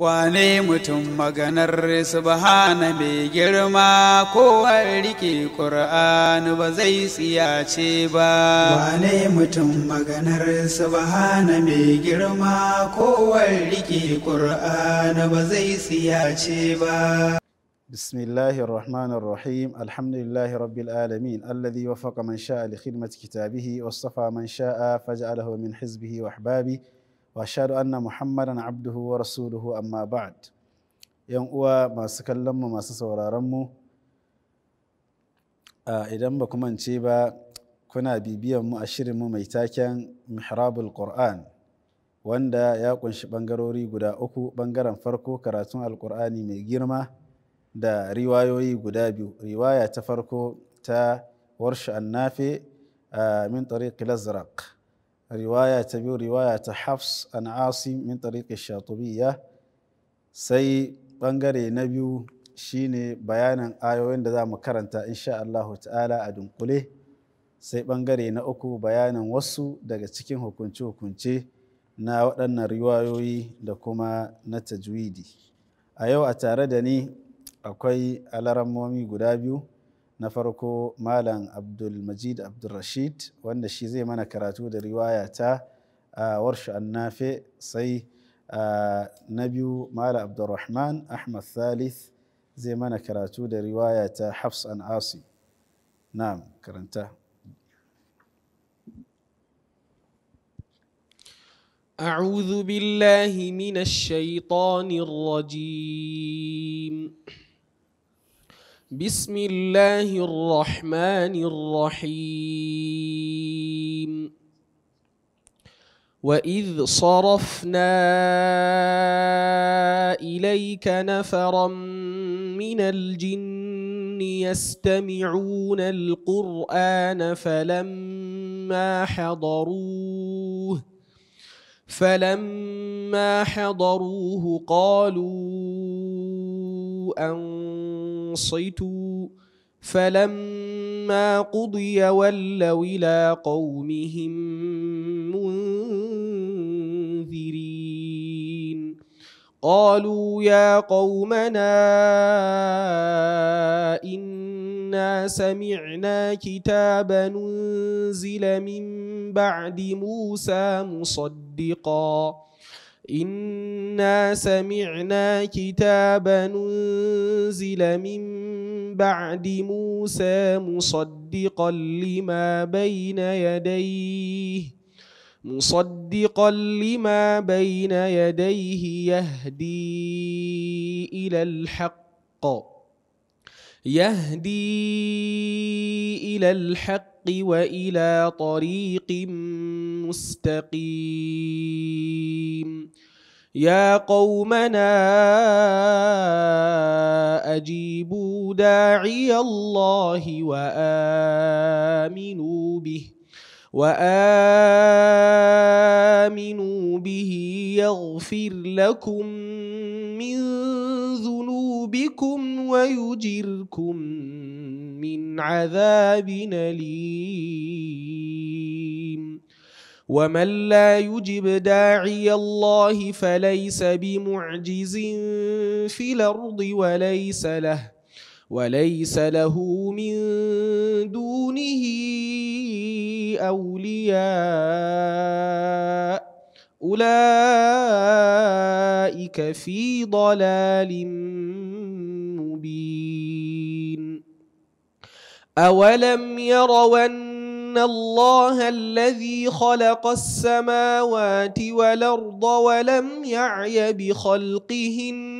Wane mutum maganar hana mai girma kowar rike ƙur'ani ba zai tsiyace ba. Wane mutum maganar hana mai girma kowar rike ƙur'ani ba zai tsiyace ba. Bismillahir Rahmanir Rahim Alhamdulillahi Rabbil Alamin alladhi wafaqa man sha'a li khidmati kitabihi wasafa man sha'a faj'alahu min hizbihi wa ahbabihi واشهد ان محمدا عبده ورسوله اما بعد yan uwa masu kallon mu masu sauraron mu idan ba kuma ce ba kuna bibiyan mu a shirin mu mai taken mihrabul qur'an wanda ya kunshi bangarori guda uku bangaren farko karatun alkur'ani mai girma da riwayoyi guda biyu riwaya ta farko ta warsha annafe min tariq lazraq riwaya ta biyu riwaya ta hafs an asim min tariqi shatubiyya sai bangare na biyu shine bayanin ayoyin da za mu karanta insha Allahu ta'ala a dunkule sai bangare na uku bayanin wasu daga cikin hukunce-hukunce na waɗannan riwayoyi da kuma na tajwidi a yau a tare da ni akwai alarammomi guda biyu na farko malam abdulmajid abdulrashid wanda shi zai mana karatu da riwaya ta warshu annafe sai na biyu malam abdulrahman ahmad thalith zai mana karatu da riwaya ta hafs an asi na'am karanta أعوذ بالله من الشيطان الرجيم بسم الله الرحمن الرحيم واذ صرفنا اليك نفرا من الجن يستمعون القران فلما حضروه فلما حضروه قالوا انصتوا فلما قضي ولوا الى قومهم منذرين قالوا يا قومنا إن إنا سمعنا كتابا أنزل من بعد موسى مصدقاً إنا سمعنا كتابا أنزل من بعد موسى مصدقا لما بين يديه مصدقا لما بين يديه يهدي إلى الحق يهدي الى الحق والى طريق مستقيم يا قومنا اجيبوا داعي الله وامنوا به وامنوا به يغفر لكم من ذنوبكم بكم ويجركم من عذاب أليم ومن لا يجب داعي الله فليس بمعجز في الأرض وليس له وليس له من دونه أولياء أولئك في ضلال مبين أولم يروا أن الله الذي خلق السماوات والأرض ولم يعي بخلقهن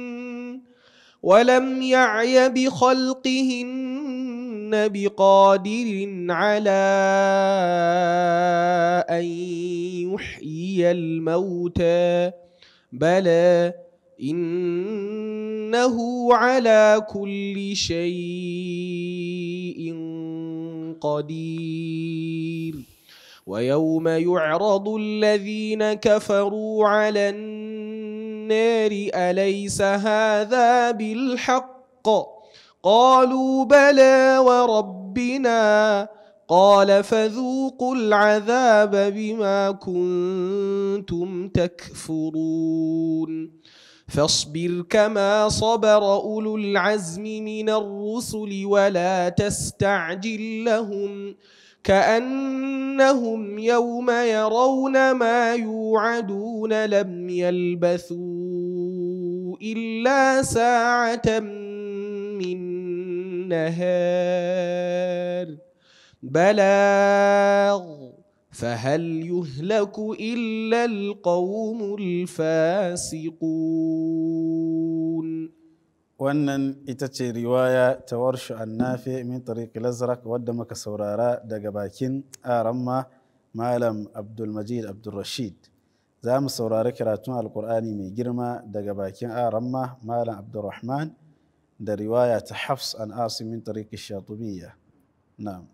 ولم يعي بخلقهن بقادر على أن يحيي الموتى بلى إنه على كل شيء قدير ويوم يعرض الذين كفروا على النار أليس هذا بالحق قالوا بلى وربنا قال فذوقوا العذاب بما كنتم تكفرون فاصبر كما صبر اولو العزم من الرسل ولا تستعجل لهم كانهم يوم يرون ما يوعدون لم يلبثوا الا ساعه من نهار بلاغ فهل يهلك الا القوم الفاسقون wannan ita ce riwaya ta warshu annafi min tariqi lazrak wadda muka saurara daga bakin aramma malam abdulmajid abdulrashid za mu saurari karatun alkur'ani mai girma daga bakin aramma malam abdulrahman da riwaya ta hafs an asim min tariqi shatubiyya na'am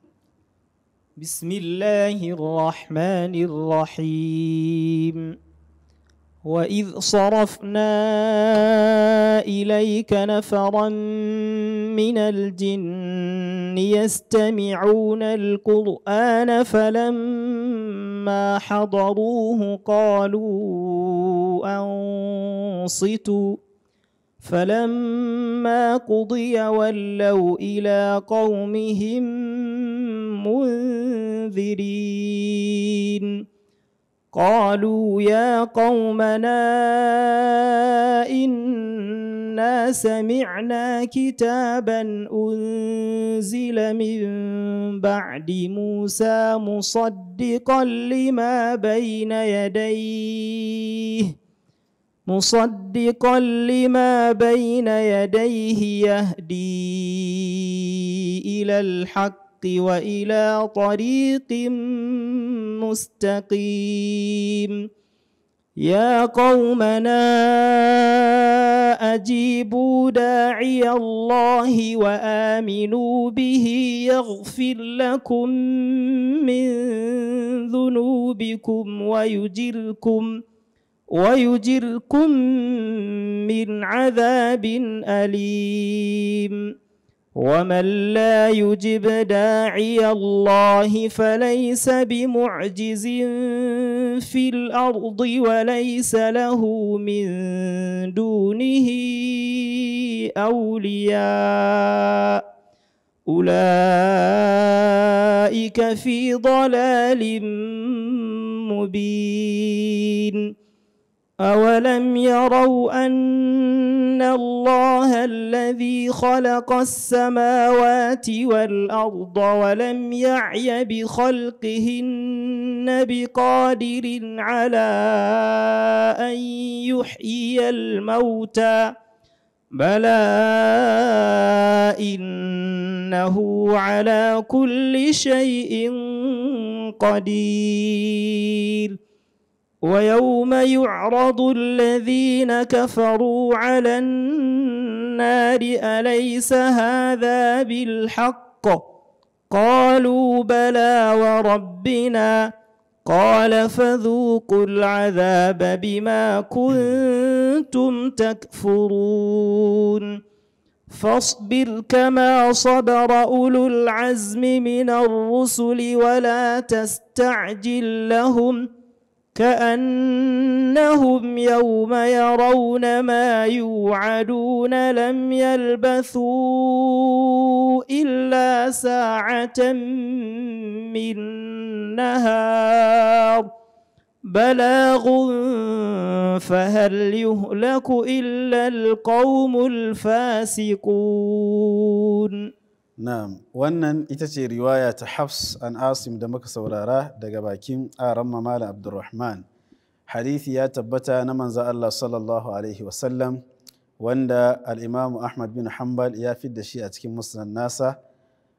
بسم الله الرحمن الرحيم وإذ صرفنا إليك نفرا من الجن يستمعون القرآن فلما حضروه قالوا أنصتوا فلما قضي ولوا إلى قومهم منذرين قالوا يا قومنا إنا سمعنا كتابا أنزل من بعد موسى مصدقا لما بين يديه مصدقا لما بين يديه يهدي الى الحق والى طريق مستقيم يا قومنا اجيبوا داعي الله وامنوا به يغفر لكم من ذنوبكم ويجركم ويجركم من عذاب أليم ومن لا يجب داعي الله فليس بمعجز في الأرض وليس له من دونه أولياء أولئك في ضلال مبين أولم يروا أن الله الذي خلق السماوات والأرض ولم يعي بخلقهن بقادر على أن يحيي الموتى بلى إنه على كل شيء قدير ويوم يعرض الذين كفروا على النار أليس هذا بالحق قالوا بلى وربنا قال فذوقوا العذاب بما كنتم تكفرون فاصبر كما صبر أولو العزم من الرسل ولا تستعجل لهم كأنهم يوم يرون ما يوعدون لم يلبثوا إلا ساعة من نهار بلاغ فهل يهلك إلا القوم الفاسقون Na'am, wannan ita ce riwaya ta Hafs an Asim da muka saurara daga bakin aran Malam Abdulrahman. Hadithi ya tabbata na manza Allah sallallahu Alaihi wasallam wanda al'imamu Ahmad bin Hanbal ya fidda shi a cikin musnad nasa,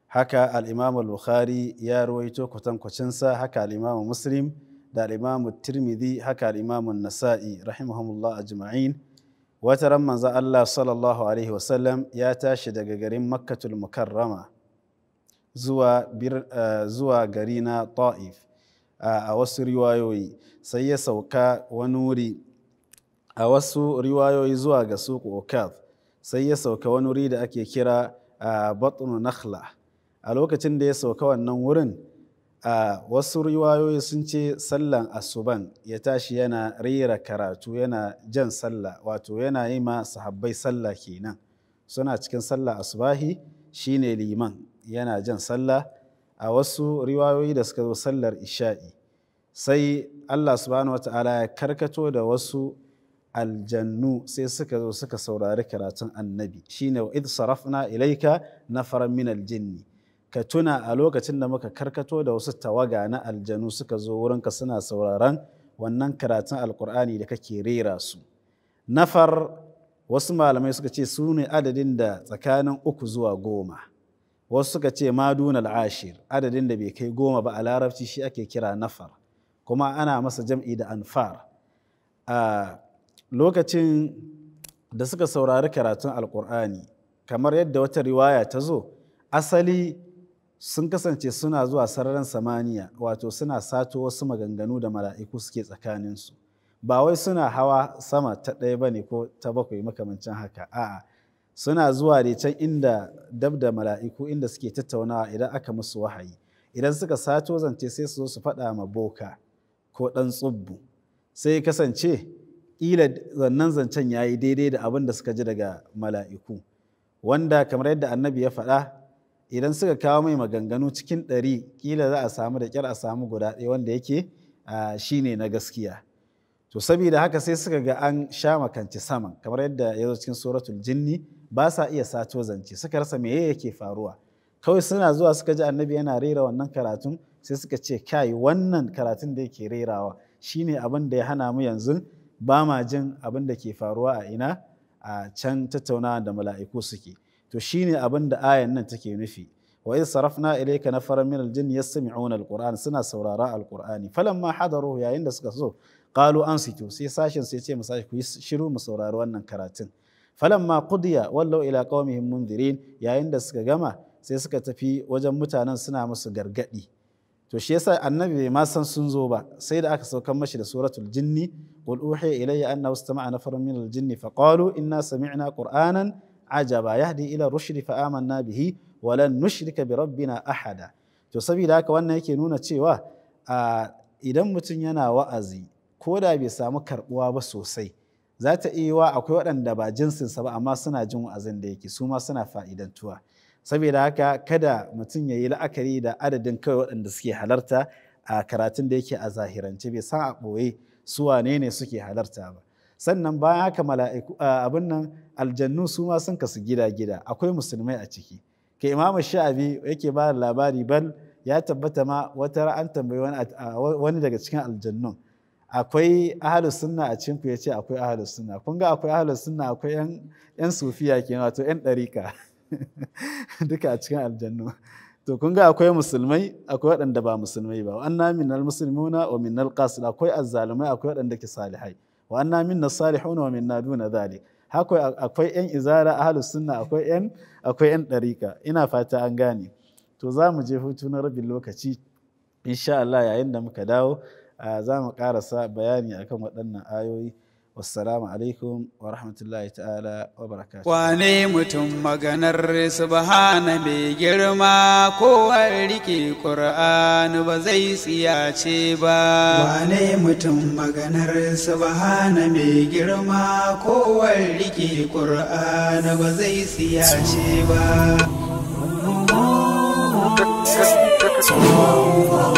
haka al'imamu Bukhari ya ruwaito kwatankwacinsa, haka al'imamu Muslim da al'imamu Tirmidhi, haka al'imamu Nasa'i, rahimahumullah ajma'in. wata ran manzo Allah sallallahu alaihi wasallam ya tashi daga garin makkatul mukarrama zuwa eh, gari na ta'if a wasu riwayoyi sai ya sauka wani wuri a wasu riwayoyi zuwa ga suku okaf sai ya sauka wani wuri da ake kira a batnu nakhla a lokacin da ya sauka wannan wurin a wasu riwayoyi sun ce sallan asuban ya tashi yana rera karatu yana jan sallah wato yana yi ma sahabbai sallah kenan suna cikin sallah asubahi shine liman yana jan sallah a wasu riwayoyi da suka zo sallar isha'i sai Allah subhanahu ta'ala ya karkato da wasu aljannu sai suka zo suka saurari karatun annabi shine wa id sarafna ilaika nafaran min aljinni ka tuna a lokacin da muka karkato da wasu tawaga na aljanu suka zo wurinka suna sauraron wannan karatun alkur'ani da kake rera su nafar wasu malamai suka ce su ne adadin da tsakanin uku zuwa goma wasu suka ce madun al'ashir adadin da bai kai goma ba a larabci shi ake kira nafar kuma ana masa jam'i da anfar a lokacin da suka saurari karatun alkur'ani kamar yadda wata riwaya ta zo asali sun kasance suna zuwa sararin samaniya wato suna sato wasu maganganu da mala'iku suke tsakaninsu ba wai suna hawa sama ta ɗaya ba ne ko ta bakwai makamancin haka a'a suna zuwa da can inda dab da mala'iku inda suke tattaunawa idan aka musu wahayi idan suka sato zance sai su zo su faɗa ma boka ko ɗan tsubbu sai kasance ƙila zannan zancen ya yi daidai da abin da suka ji daga mala'iku wanda kamar yadda annabi ya faɗa idan suka kawo mai maganganu cikin ɗari kila za a samu da kyar a samu guda ɗaya wanda yake shi ne na gaskiya to saboda haka sai suka ga an sha makanci saman kamar yadda ya zo cikin suratul jinni ba sa iya sato zance suka rasa me yake faruwa kawai suna zuwa suka ji annabi yana rera wannan karatun sai suka ce kai wannan karatun da yake rerawa shine abin da ya hana mu yanzu ba ma jin abin da ke faruwa a ina a can tattaunawa da mala'iku suke to shine abin da ayan nan take nufi wa iz sarafna ilayka nafaran min al yastami'una al suna saurara al-qur'ani falamma hadaruhu yayin da suka so qalu ansitu sai sashin sai ce musashi ku shiru mu saurari wannan karatun falamma qudiya wallau ila qaumihim munzirin yayin da suka gama sai suka tafi wajen mutanen suna musu gargadi to shi yasa annabi bai ma san sun zo ba sai da aka saukar mashi da suratul jinni qul uhiya ilayya annahu istama'a nafarun min al-jinni faqalu inna sami'na qur'anan ajaba yahdi ila rushdi fa amanna bihi wa lan nushrika bi rabbina ahada to saboda haka wannan yake nuna cewa idan mutum yana wa'azi ko da bai samu karbuwa ba sosai za ta iya wa akwai waɗanda ba jinsinsa ba amma suna jin wa'azin da yake su ma suna fa'idantuwa saboda haka kada mutum ya yi la'akari da adadin kawai waɗanda suke halarta a karatun da yake a zahirance bai san a ɓoye su wane ne suke halarta ba sannan bayan haka mala'iku abin nan aljannu su ma sun kasu gida-gida akwai musulmai a ciki Ke imamu sha'abi yake ba da labari bal ya tabbata ma wata an tambayi wani daga cikin aljannun akwai ahalus sunna a cikin ku yace akwai ahalus sunna kun ga akwai ahalus sunna akwai yan yan sufiya kenan wato yan Ɗarika duka a cikin aljannu to kun ga akwai musulmai akwai waɗanda ba musulmai ba anna minal muslimuna wa minal qasid akwai azzalumai akwai waɗanda ke salihai wa anna minna salihuna wa minna duna dhalik akwai yan izara ahlu sunna akwai yan akwai yan dariqa ina fata an gane to za mu je hutu na rabin lokaci insha Allah yayin da muka dawo za mu karasa bayani akan waɗannan ayoyi wassalamu alaikum wa rahmatullahi ta'ala wa barakatuh wane mutum maganar subhana mai girma kowa rike qur'ani ba zai tsiyace ba wane mutum maganar subhana mai girma kowa rike qur'ani ba zai ce ba